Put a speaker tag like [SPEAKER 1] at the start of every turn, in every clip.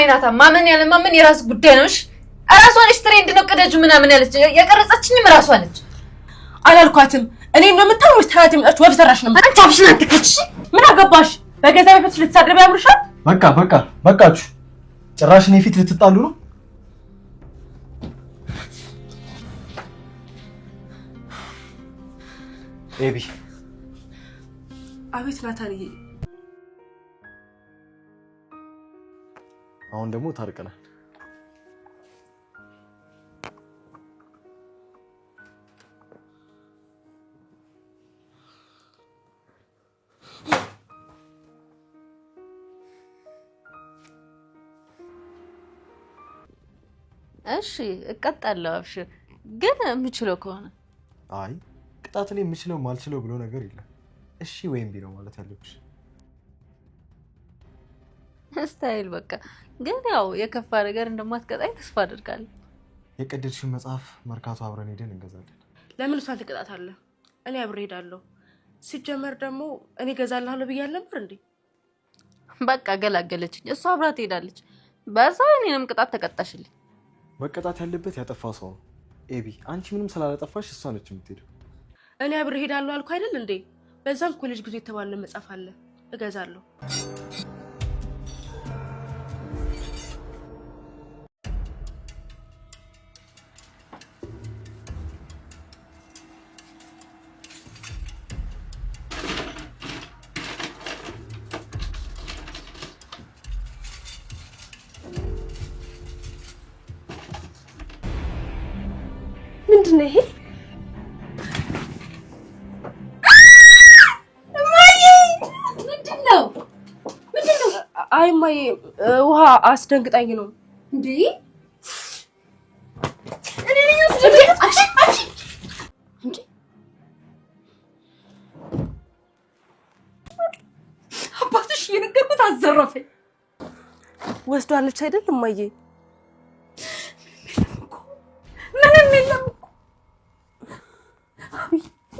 [SPEAKER 1] አይናታ ማመን ያለ ማመን የራስ ጉዳይ ነው። እሺ እራሷ ነች ትሬንድ ነው ቅደጁ ምናምን ያለች የቀረጸችኝም እራሷ ነች።
[SPEAKER 2] አላልኳትም እኔ ነው የምታው ወይስ ታያት የምጣች ወፍ ሰራሽ ነው?
[SPEAKER 1] አንቺ አፍሽን አትከፍሽ።
[SPEAKER 2] ምን አገባሽ? በገዛ ቤቶች ልትሳደብ ያምርሻል?
[SPEAKER 3] በቃ በቃ በቃችሁ። ጭራሽ እኔ ፊት ልትጣሉ ነው? ኤቢ አቤት ናታንዬ አሁን ደግሞ ታርቀናል።
[SPEAKER 1] እሺ እቀጣለሁ። አብሽር ግን የምችለው ከሆነ
[SPEAKER 3] አይ ቅጣት ላይ የምችለው ማልችለው ብሎ ነገር የለም። እሺ ወይም ነው ማለት ያለብሽ
[SPEAKER 1] ስታይል በቃ ግን ያው የከፋ ነገር እንደማትቀጣኝ ተስፋ አድርጋለሁ።
[SPEAKER 3] የቀደድሽን መጽሐፍ መርካቶ አብረን ሄደን እንገዛለን።
[SPEAKER 2] ለምን እሷን ትቀጣታለህ? እኔ አብሬ ሄዳለሁ። ሲጀመር ደግሞ እኔ ገዛልሃለሁ ብያለሁ ነበር እንዴ?
[SPEAKER 1] በቃ ገላገለችኝ። እሷ አብራ ትሄዳለች። በዛ እኔንም ቅጣት ተቀጣሽልኝ።
[SPEAKER 3] መቀጣት ያለበት ያጠፋ ሰው ነው። ኤቢ አንቺ ምንም ስላላጠፋሽ እሷ ነች የምትሄደው።
[SPEAKER 2] እኔ አብሬ ሄዳለሁ አልኩ አይደል እንዴ? በዛም ኮሌጅ ጊዜ የተባለ መጽሐፍ አለ እገዛለሁ። ምንድን ነው ይሄ? አይ እማዬ፣ ውሃ አስደንግጣኝ ነው
[SPEAKER 1] አባትሽ እየነገርኩት አዘረፈኝ።
[SPEAKER 2] ወስዷለች አይደል እማዬ?
[SPEAKER 1] ምንም የለም።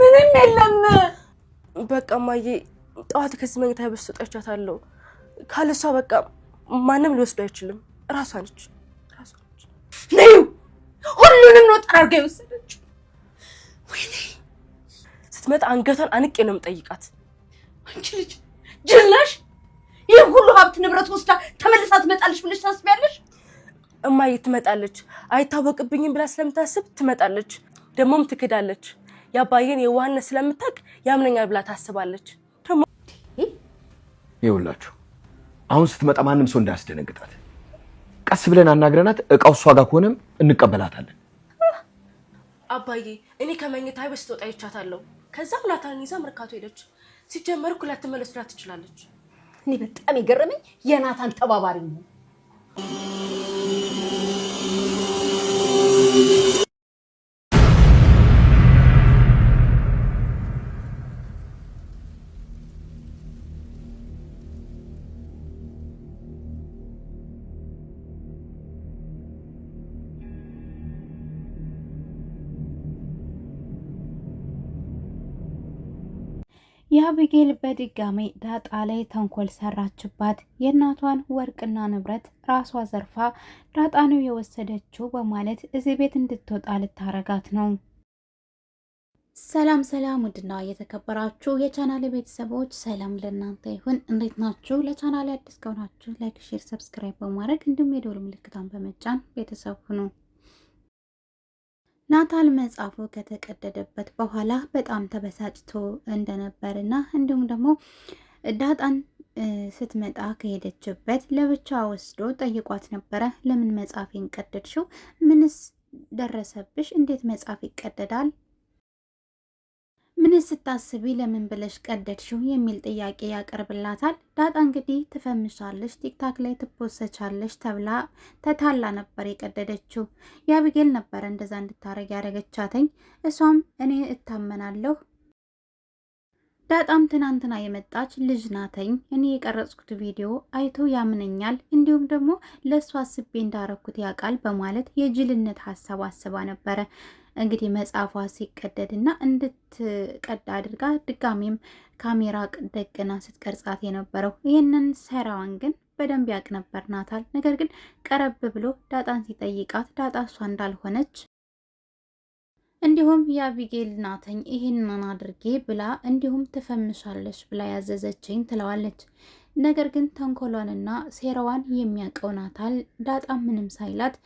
[SPEAKER 1] ምንም የለም።
[SPEAKER 2] በቃ እማዬ ጠዋት ከዚህ መኝታ በስ ሰጧቸዋታለሁ። ካለሷ በቃ ማንም ሊወስዱ አይችልም። ራሷ ነች ነች።
[SPEAKER 1] ነዩ ሁሉንም ነው ጠራርጋ የወሰደችው። ወይኔ
[SPEAKER 2] ስትመጣ አንገቷን አንቄ ነው የምጠይቃት።
[SPEAKER 1] አንቺ ልጅ ጅላሽ ይህ ሁሉ ሀብት ንብረት ወስዳ ተመልሳ ትመጣለች ብለሽ ታስቢያለሽ?
[SPEAKER 2] እማዬ ትመጣለች፣ አይታወቅብኝም ብላ ስለምታስብ ትመጣለች። ደግሞም ትክዳለች። የአባዬን የዋህነት ስለምታውቅ ያምነኛል ብላ ታስባለች። ደግሞ
[SPEAKER 3] ይኸውላችሁ አሁን ስትመጣ ማንም ሰው እንዳያስደነግጣት ቀስ ብለን አናግረናት፣ እቃው እሷ ጋር ከሆነም እንቀበላታለን።
[SPEAKER 2] አባዬ እኔ ከመኝታ ቤት ስትወጣ ይቻታለሁ። ከዛ ሁላታን ይዛ መርካቶ ሄደች። ሲጀመር እኮ ላትመለስ ትችላለች።
[SPEAKER 1] እኔ በጣም የገረመኝ የናታን ተባባሪ ነው።
[SPEAKER 4] የአብጌል በድጋሚ ዳጣ ላይ ተንኮል ሰራችባት። የእናቷን ወርቅና ንብረት ራሷ ዘርፋ ዳጣ ነው የወሰደችው በማለት እዚህ ቤት እንድትወጣ ልታረጋት ነው። ሰላም ሰላም፣ ውድና የተከበራችሁ የቻናል ቤተሰቦች ሰላም ለእናንተ ይሁን። እንዴት ናችሁ? ለቻናል አዲስ ከሆናችሁ ላይክ፣ ሼር፣ ሰብስክራይብ በማድረግ እንዲሁም የደወል ምልክቷን በመጫን ቤተሰብ ሁኑ። ናታል መጽሐፉ ከተቀደደበት በኋላ በጣም ተበሳጭቶ እንደነበር እንዲሁም ደግሞ ዳጣን ስትመጣ ከሄደችበት ለብቻ ወስዶ ጠይቋት ነበረ። ለምን መጽሐፍ ቀደድሽው? ምንስ ደረሰብሽ? እንዴት መጽሐፍ ይቀደዳል? ምን ስታስቢ ለምን ብለሽ ቀደድሽው የሚል ጥያቄ ያቀርብላታል። ዳጣ እንግዲህ ትፈምሻለሽ፣ ቲክታክ ላይ ትፖሰቻለሽ ተብላ ተታላ ነበር የቀደደችው። የአብጌል ነበረ እንደዛ እንድታረግ ያደረገቻተኝ። እሷም እኔ እታመናለሁ ዳጣም ትናንትና የመጣች ልጅ ናተኝ። እኔ የቀረጽኩት ቪዲዮ አይቶ ያምነኛል፣ እንዲሁም ደግሞ ለእሱ አስቤ እንዳረኩት ያውቃል በማለት የጅልነት ሀሳብ አስባ ነበረ። እንግዲህ መጽሐፏ ሲቀደድና እንድትቀዳ አድርጋ ድጋሜም ካሜራ ደቅና ስትቀርጻት የነበረው ይህንን ሰራዋን ግን በደንብ ያቅ ነበር ናታል። ነገር ግን ቀረብ ብሎ ዳጣን ሲጠይቃት ዳጣ እሷ እንዳልሆነች እንዲሁም የአቢጌል ናተኝ ይህንን አድርጌ ብላ እንዲሁም ትፈምሻለች ብላ ያዘዘችኝ ትለዋለች። ነገር ግን ተንኮሏንና ሴራዋን የሚያውቀው ናታል ዳጣ ምንም ሳይላት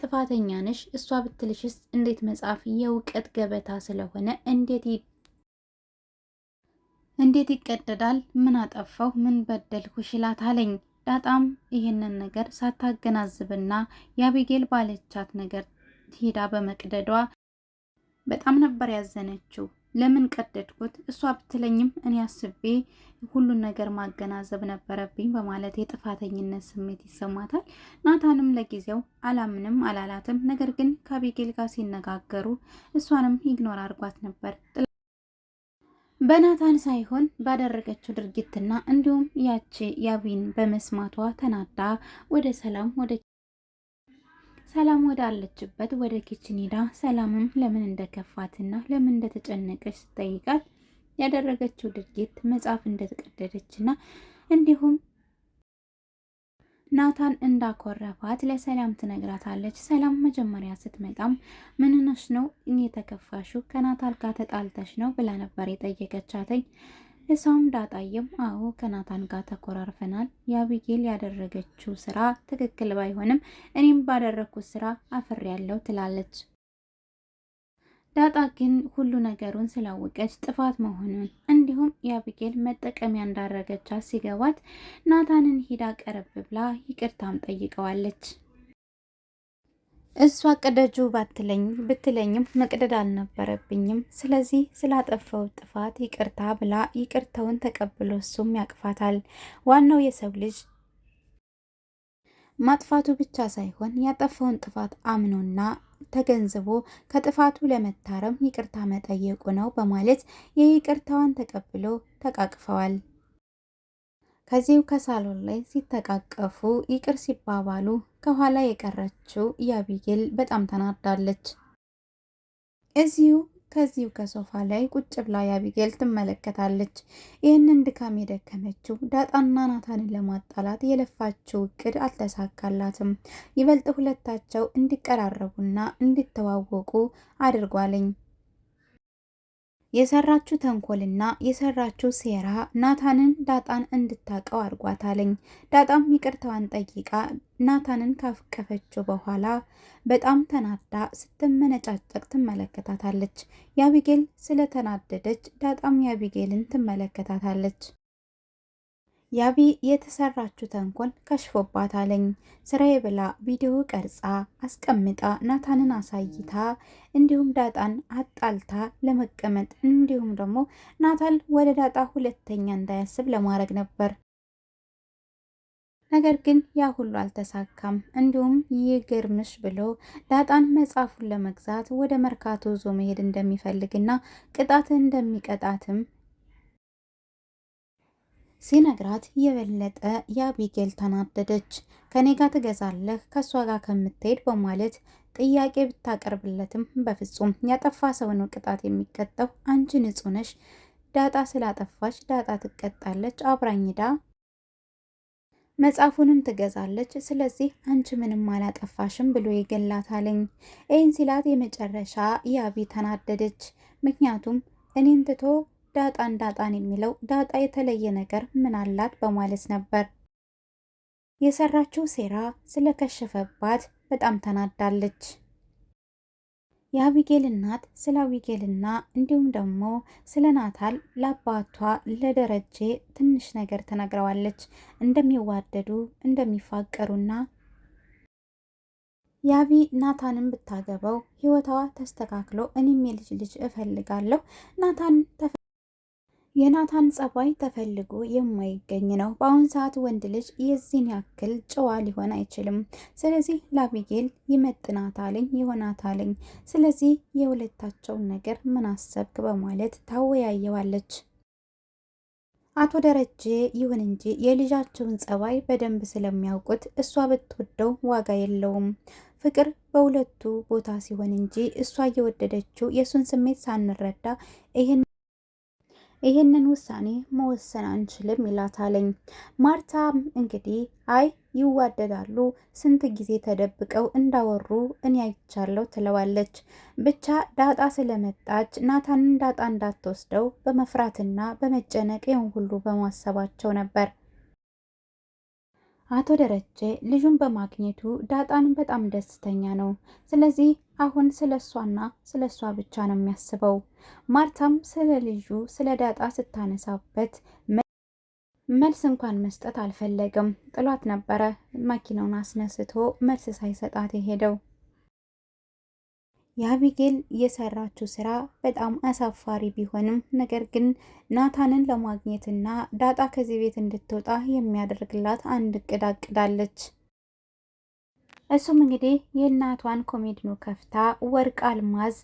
[SPEAKER 4] ጥፋተኛ ነሽ፣ እሷ ብትልሽስ እንዴት መጻፍ የእውቀት ገበታ ስለሆነ እንዴት እንዴት ይቀደዳል? ምን አጠፋሁ? ምን በደልኩሽ? ይላታለኝ። ዳጣም ይህንን ነገር ሳታገናዝብና የአቢጌል ባለቻት ነገር ሄዳ በመቅደዷ በጣም ነበር ያዘነችው። ለምን ቀደድኩት? እሷ ብትለኝም እኔ አስቤ ሁሉን ነገር ማገናዘብ ነበረብኝ በማለት የጥፋተኝነት ስሜት ይሰማታል። ናታንም ለጊዜው አላምንም አላላትም። ነገር ግን ከአቢጌል ጋር ሲነጋገሩ እሷንም ኢግኖር አድርጓት ነበር በናታን ሳይሆን ባደረገችው ድርጊትና እንዲሁም ያቺ ያቢን በመስማቷ ተናዳ ወደ ሰላም ወደ ሰላም ወዳለችበት ወደ ኪችን ሄዳ ሰላምም ለምን እንደከፋትና ለምን እንደተጨነቀች ስጠይቃት ያደረገችው ድርጊት መጽሐፍ እንደተቀደደችና እንዲሁም ናታን እንዳኮረፋት ለሰላም ትነግራታለች። ሰላም መጀመሪያ ስትመጣም ምንነሽ ነው እኔ የተከፋሹ ከናታል ጋር ተጣልተሽ ነው ብላ ነበር የጠየቀቻተኝ እሷም ዳጣየም አዎ ከናታን ጋር ተኮራርፈናል። የአቢጌል ያደረገችው ስራ ትክክል ባይሆንም እኔም ባደረግኩት ስራ አፍሬያለሁ ትላለች። ዳጣ ግን ሁሉ ነገሩን ስላወቀች ጥፋት መሆኑን እንዲሁም የአቢጌል መጠቀሚያ እንዳረገቻት ሲገባት ናታንን ሂዳ ቀረብ ብላ ይቅርታም ጠይቀዋለች። እሷ ቅደጁ ባትለኝ ብትለኝም መቅደድ አልነበረብኝም። ስለዚህ ስላጠፋው ጥፋት ይቅርታ ብላ ይቅርታውን ተቀብሎ እሱም ያቅፋታል። ዋናው የሰው ልጅ ማጥፋቱ ብቻ ሳይሆን ያጠፈውን ጥፋት አምኖና ተገንዝቦ ከጥፋቱ ለመታረም ይቅርታ መጠየቁ ነው በማለት የይቅርታዋን ተቀብሎ ተቃቅፈዋል። ከዚሁ ከሳሎን ላይ ሲተቃቀፉ ይቅር ሲባባሉ ከኋላ የቀረችው የአቢጌል በጣም ተናዳለች። እዚሁ ከዚሁ ከሶፋ ላይ ቁጭ ብላ የአቢጌል ትመለከታለች። ይህንን ድካም የደከመችው ዳጣና ናታንን ለማጣላት የለፋችው እቅድ አልተሳካላትም። ይበልጥ ሁለታቸው እንዲቀራረቡና እንዲተዋወቁ አድርጓለኝ። የሰራችው ተንኮልና የሰራችው ሴራ ናታንን ዳጣን እንድታቀው አድርጓታለኝ። ዳጣም ይቅርታዋን ጠይቃ ናታንን ካፍቀፈችው በኋላ በጣም ተናዳ ስትመነጫጨቅ ትመለከታታለች። የአቢጌል ስለተናደደች ዳጣም የአቢጌልን ትመለከታታለች። ያቢ የተሰራችው ተንኮል አለኝ ስራዬ ብላ ቪዲዮ ቀርጻ አስቀምጣ ናታንን አሳይታ እንዲሁም ዳጣን አጣልታ ለመቀመጥ እንዲሁም ደግሞ ናታን ወደ ዳጣ ሁለተኛ እንዳያስብ ለማድረግ ነበር። ነገር ግን ያ ሁሉ አልተሳካም። እንዲሁም ይግርምሽ ብሎ ዳጣን መጽሐፉን ለመግዛት ወደ መርካቶ ዞ መሄድ እንደሚፈልግና ቅጣት እንደሚቀጣትም ሲነግራት የበለጠ የአቢጌል ተናደደች። ከኔ ጋር ትገዛለህ ከእሷ ጋር ከምትሄድ በማለት ጥያቄ ብታቀርብለትም በፍጹም ያጠፋ ሰው ነው ቅጣት የሚቀጠው አንቺ ንጹሕ ነሽ፣ ዳጣ ስላጠፋች ዳጣ ትቀጣለች። አብራኝዳ መጽሐፉንም ትገዛለች። ስለዚህ አንቺ ምንም አላጠፋሽም ብሎ ይገላታለኝ። ይህን ሲላት የመጨረሻ ያቢ ተናደደች። ምክንያቱም እኔን ትቶ ዳጣን ዳጣን የሚለው ዳጣ የተለየ ነገር ምን አላት በማለት ነበር። የሰራችው ሴራ ስለከሸፈባት በጣም ተናዳለች። የአቢጌል እናት ስለ አቢጌልና እንዲሁም ደግሞ ስለ ናታል ለአባቷ ለደረጀ ትንሽ ነገር ተናግረዋለች። እንደሚዋደዱ እንደሚፋቀሩና የአቢ ናታንን ብታገባው ህይወታዋ ተስተካክሎ እኔም የልጅ ልጅ እፈልጋለሁ ናታን የናታን ጸባይ ተፈልጎ የማይገኝ ነው። በአሁን ሰዓት ወንድ ልጅ የዚህን ያክል ጨዋ ሊሆን አይችልም። ስለዚህ ላቢጌል ይመጥናታልኝ ይሆናታልኝ። ስለዚህ የሁለታቸውን ነገር ምን አሰብክ በማለት ታወያየዋለች። አቶ ደረጀ ይሁን እንጂ የልጃቸውን ጸባይ በደንብ ስለሚያውቁት እሷ ብትወደው ዋጋ የለውም ፍቅር በሁለቱ ቦታ ሲሆን እንጂ እሷ እየወደደችው የእሱን ስሜት ሳንረዳ ይህን ይህንን ውሳኔ መወሰን አንችልም ይላታለኝ። ማርታም እንግዲህ አይ ይዋደዳሉ፣ ስንት ጊዜ ተደብቀው እንዳወሩ እኔ አይቻለሁ ትለዋለች። ብቻ ዳጣ ስለመጣች ናታንን ዳጣ እንዳትወስደው በመፍራትና በመጨነቅ ይህን ሁሉ በማሰባቸው ነበር። አቶ ደረጀ ልጁን በማግኘቱ ዳጣን በጣም ደስተኛ ነው። ስለዚህ አሁን ስለ እሷና ስለ እሷ ብቻ ነው የሚያስበው። ማርታም ስለ ልጁ ስለ ዳጣ ስታነሳበት መልስ እንኳን መስጠት አልፈለግም። ጥሏት ነበረ መኪናውን አስነስቶ መልስ ሳይሰጣት የሄደው። የአቢጌል የሰራችው ስራ በጣም አሳፋሪ ቢሆንም ነገር ግን ናታንን ለማግኘትና ዳጣ ከዚህ ቤት እንድትወጣ የሚያደርግላት አንድ እቅድ አቅዳለች። እሱም እንግዲህ የእናቷን ኮሜድኖ ከፍታ ወርቅ አልማዝ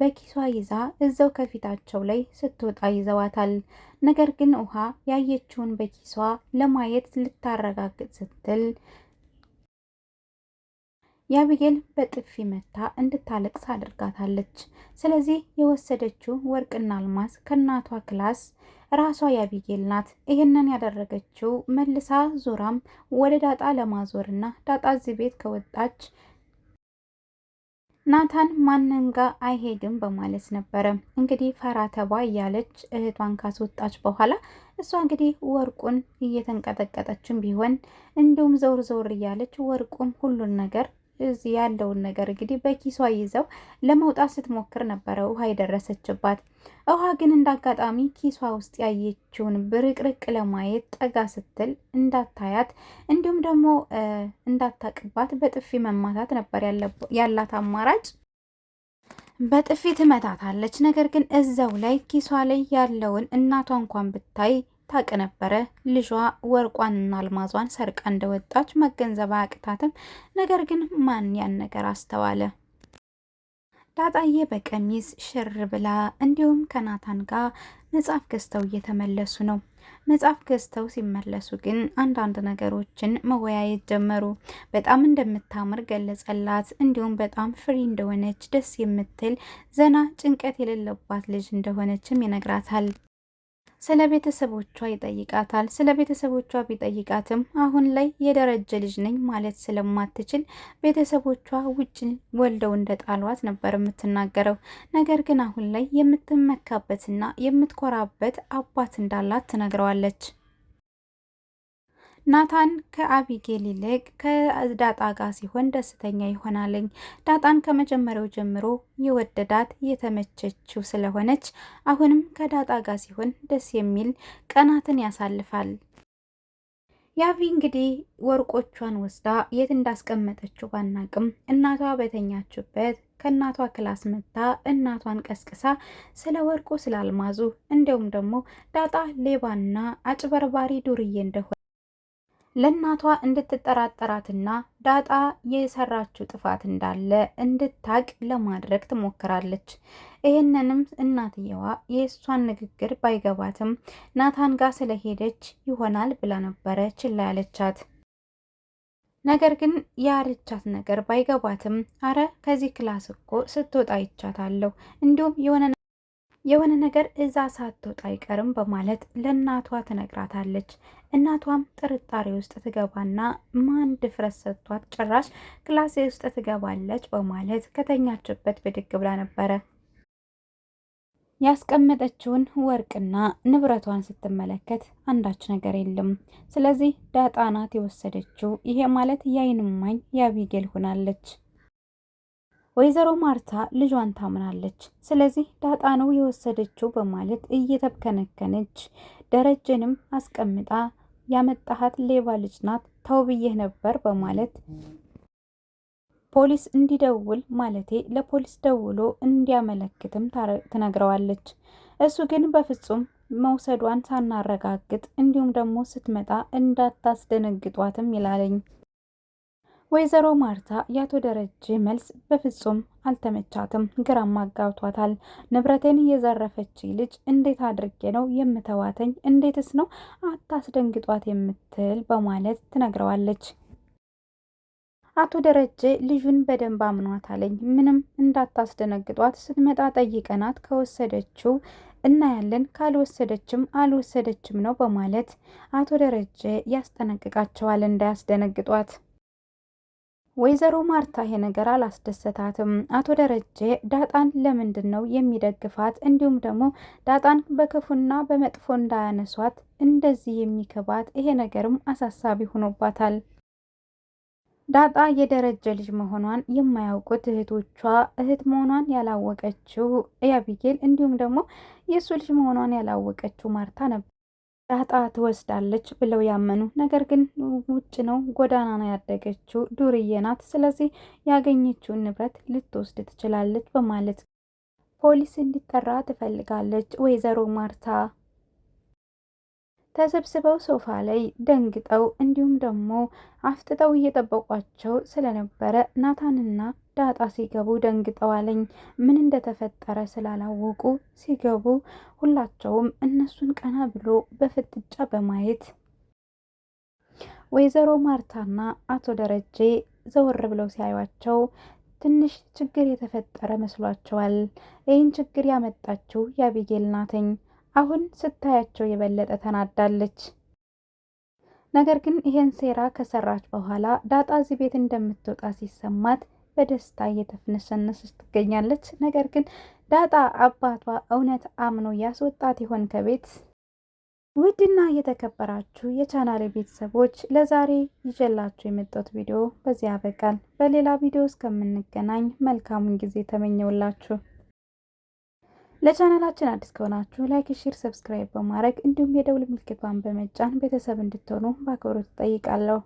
[SPEAKER 4] በኪሷ ይዛ እዛው ከፊታቸው ላይ ስትወጣ ይዘዋታል። ነገር ግን ውሃ ያየችውን በኪሷ ለማየት ልታረጋግጥ ስትል የአቢጌል በጥፊ መታ እንድታለቅስ አድርጋታለች። ስለዚህ የወሰደችው ወርቅና አልማዝ ከእናቷ ክላስ ራሷ የአቢጌል ናት። ይህንን ያደረገችው መልሳ ዙራም ወደ ዳጣ ለማዞርና ዳጣ እዚህ ቤት ከወጣች ናታን ማንን ጋር አይሄድም በማለት ነበረ። እንግዲህ ፈራ ተባ እያለች እህቷን ካስወጣች በኋላ እሷ እንግዲህ ወርቁን እየተንቀጠቀጠችም ቢሆን እንዲሁም ዘውር ዘውር እያለች ወርቁም ሁሉን ነገር እዚህ ያለውን ነገር እንግዲህ በኪሷ ይዘው ለመውጣት ስትሞክር ነበረ ውሃ የደረሰችባት። ውሃ ግን እንዳጋጣሚ ኪሷ ውስጥ ያየችውን ብርቅርቅ ለማየት ጠጋ ስትል እንዳታያት እንዲሁም ደግሞ እንዳታቅባት በጥፊ መማታት ነበር ያላት አማራጭ። በጥፊ ትመታታለች። ነገር ግን እዛው ላይ ኪሷ ላይ ያለውን እናቷ እንኳን ብታይ ታቅ ነበረ። ልጇ ወርቋንና አልማዟን ሰርቃ እንደወጣች መገንዘብ አያቅታትም። ነገር ግን ማን ያን ነገር አስተዋለ? ዳጣዬ በቀሚስ ሽር ብላ እንዲሁም ከናታን ጋር መጽሐፍ ገዝተው እየተመለሱ ነው። መጽሐፍ ገዝተው ሲመለሱ ግን አንዳንድ ነገሮችን መወያየት ጀመሩ። በጣም እንደምታምር ገለጸላት። እንዲሁም በጣም ፍሪ እንደሆነች ደስ የምትል ዘና ጭንቀት የሌለባት ልጅ እንደሆነችም ይነግራታል። ስለ ቤተሰቦቿ ይጠይቃታል። ስለ ቤተሰቦቿ ቢጠይቃትም አሁን ላይ የደረጀ ልጅ ነኝ ማለት ስለማትችል ቤተሰቦቿ ውጭ ወልደው እንደ ጣሏት ነበር የምትናገረው። ነገር ግን አሁን ላይ የምትመካበትና የምትኮራበት አባት እንዳላት ትነግረዋለች። ናታን ከአቢጌል ይልቅ ከዳጣ ጋር ሲሆን ደስተኛ ይሆናልኝ። ዳጣን ከመጀመሪያው ጀምሮ የወደዳት የተመቸችው ስለሆነች አሁንም ከዳጣ ጋር ሲሆን ደስ የሚል ቀናትን ያሳልፋል። ያቪ እንግዲህ ወርቆቿን ወስዳ የት እንዳስቀመጠችው ባናቅም እናቷ በተኛችበት ከእናቷ ክላስ መጥታ እናቷን ቀስቅሳ ስለ ወርቁ ስላልማዙ እንዲሁም ደግሞ ዳጣ ሌባና አጭበርባሪ ዱርዬ እንደሆነ ለእናቷ እንድትጠራጠራትና ዳጣ የሰራችው ጥፋት እንዳለ እንድታቅ ለማድረግ ትሞክራለች። ይህንንም እናትየዋ የእሷን ንግግር ባይገባትም ናታን ጋር ስለሄደች ይሆናል ብላ ነበረ ችላ ያለቻት። ነገር ግን ያረቻት ነገር ባይገባትም አረ ከዚህ ክላስ እኮ ስትወጣ ይቻታለሁ እንዲሁም የሆነ የሆነ ነገር እዛ ሳትወጣ አይቀርም በማለት ለእናቷ ትነግራታለች። እናቷም ጥርጣሬ ውስጥ ትገባና ማን ድፍረት ሰጥቷት ጭራሽ ክላሴ ውስጥ ትገባለች በማለት ከተኛችበት ብድግ ብላ ነበረ። ያስቀመጠችውን ወርቅና ንብረቷን ስትመለከት አንዳች ነገር የለም። ስለዚህ ዳጣ ናት የወሰደችው። ይሄ ማለት የአይን እማኝ የአቢጌል ሆናለች። ወይዘሮ ማርታ ልጇን ታምናለች። ስለዚህ ዳጣ ነው የወሰደችው በማለት እየተብከነከነች ደረጀንም አስቀምጣ ያመጣሃት ሌባ ልጅ ናት ተው ብዬህ ነበር በማለት ፖሊስ እንዲደውል ማለቴ ለፖሊስ ደውሎ እንዲያመለክትም ትነግረዋለች። እሱ ግን በፍጹም መውሰዷን ሳናረጋግጥ እንዲሁም ደግሞ ስትመጣ እንዳታስደነግጧትም ይላለኝ። ወይዘሮ ማርታ የአቶ ደረጀ መልስ በፍጹም አልተመቻትም፣ ግራም አጋብቷታል። ንብረቴን የዘረፈች ልጅ እንዴት አድርጌ ነው የምተዋተኝ? እንዴትስ ነው አታስደንግጧት የምትል በማለት ትነግረዋለች። አቶ ደረጀ ልጁን በደንብ አምኗታለኝ። ምንም እንዳታስደነግጧት ስትመጣ ጠይቀናት፣ ከወሰደችው እናያለን፣ ካልወሰደችም አልወሰደችም ነው በማለት አቶ ደረጀ ያስጠነቅቃቸዋል እንዳያስደነግጧት ወይዘሮ ማርታ ይሄ ነገር አላስደሰታትም። አቶ ደረጀ ዳጣን ለምንድን ነው የሚደግፋት? እንዲሁም ደግሞ ዳጣን በክፉና በመጥፎ እንዳያነሷት እንደዚህ የሚከባት ይሄ ነገርም አሳሳቢ ሆኖባታል። ዳጣ የደረጀ ልጅ መሆኗን የማያውቁት እህቶቿ እህት መሆኗን ያላወቀችው ያቢጌል እንዲሁም ደግሞ የእሱ ልጅ መሆኗን ያላወቀችው ማርታ ነበር። ዳጣ ትወስዳለች ብለው ያመኑ ነገር ግን ውጭ ነው ጎዳና ነው ያደገችው፣ ዱርዬ ናት። ስለዚህ ያገኘችውን ንብረት ልትወስድ ትችላለች በማለት ፖሊስ እንዲጠራ ትፈልጋለች። ወይዘሮ ማርታ ተሰብስበው ሶፋ ላይ ደንግጠው እንዲሁም ደግሞ አፍጥጠው እየጠበቋቸው ስለነበረ ናታንና ዳጣ ሲገቡ ደንግጠዋለኝ። ምን እንደተፈጠረ ስላላወቁ ሲገቡ ሁላቸውም እነሱን ቀና ብሎ በፍጥጫ በማየት ወይዘሮ ማርታና አቶ ደረጀ ዘወር ብለው ሲያዩቸው ትንሽ ችግር የተፈጠረ መስሏቸዋል። ይህን ችግር ያመጣችው የአቢጌል ናትኝ። አሁን ስታያቸው የበለጠ ተናዳለች። ነገር ግን ይሄን ሴራ ከሰራች በኋላ ዳጣ እዚህ ቤት እንደምትወጣ ሲሰማት በደስታ እየተፍነሰነሰች ትገኛለች። ነገር ግን ዳጣ አባቷ እውነት አምኖ ያስወጣት ይሆን ከቤት? ውድና የተከበራችሁ የቻናሌ ቤተሰቦች ለዛሬ ይዤላችሁ የመጣሁት ቪዲዮ በዚህ ያበቃል። በሌላ ቪዲዮ እስከምንገናኝ መልካሙን ጊዜ ተመኘውላችሁ። ለቻናላችን አዲስ ከሆናችሁ ላይክ፣ ሼር፣ ሰብስክራይብ በማድረግ እንዲሁም የደውል ምልክቷን በመጫን ቤተሰብ እንድትሆኑ በአክብሮት እጠይቃለሁ።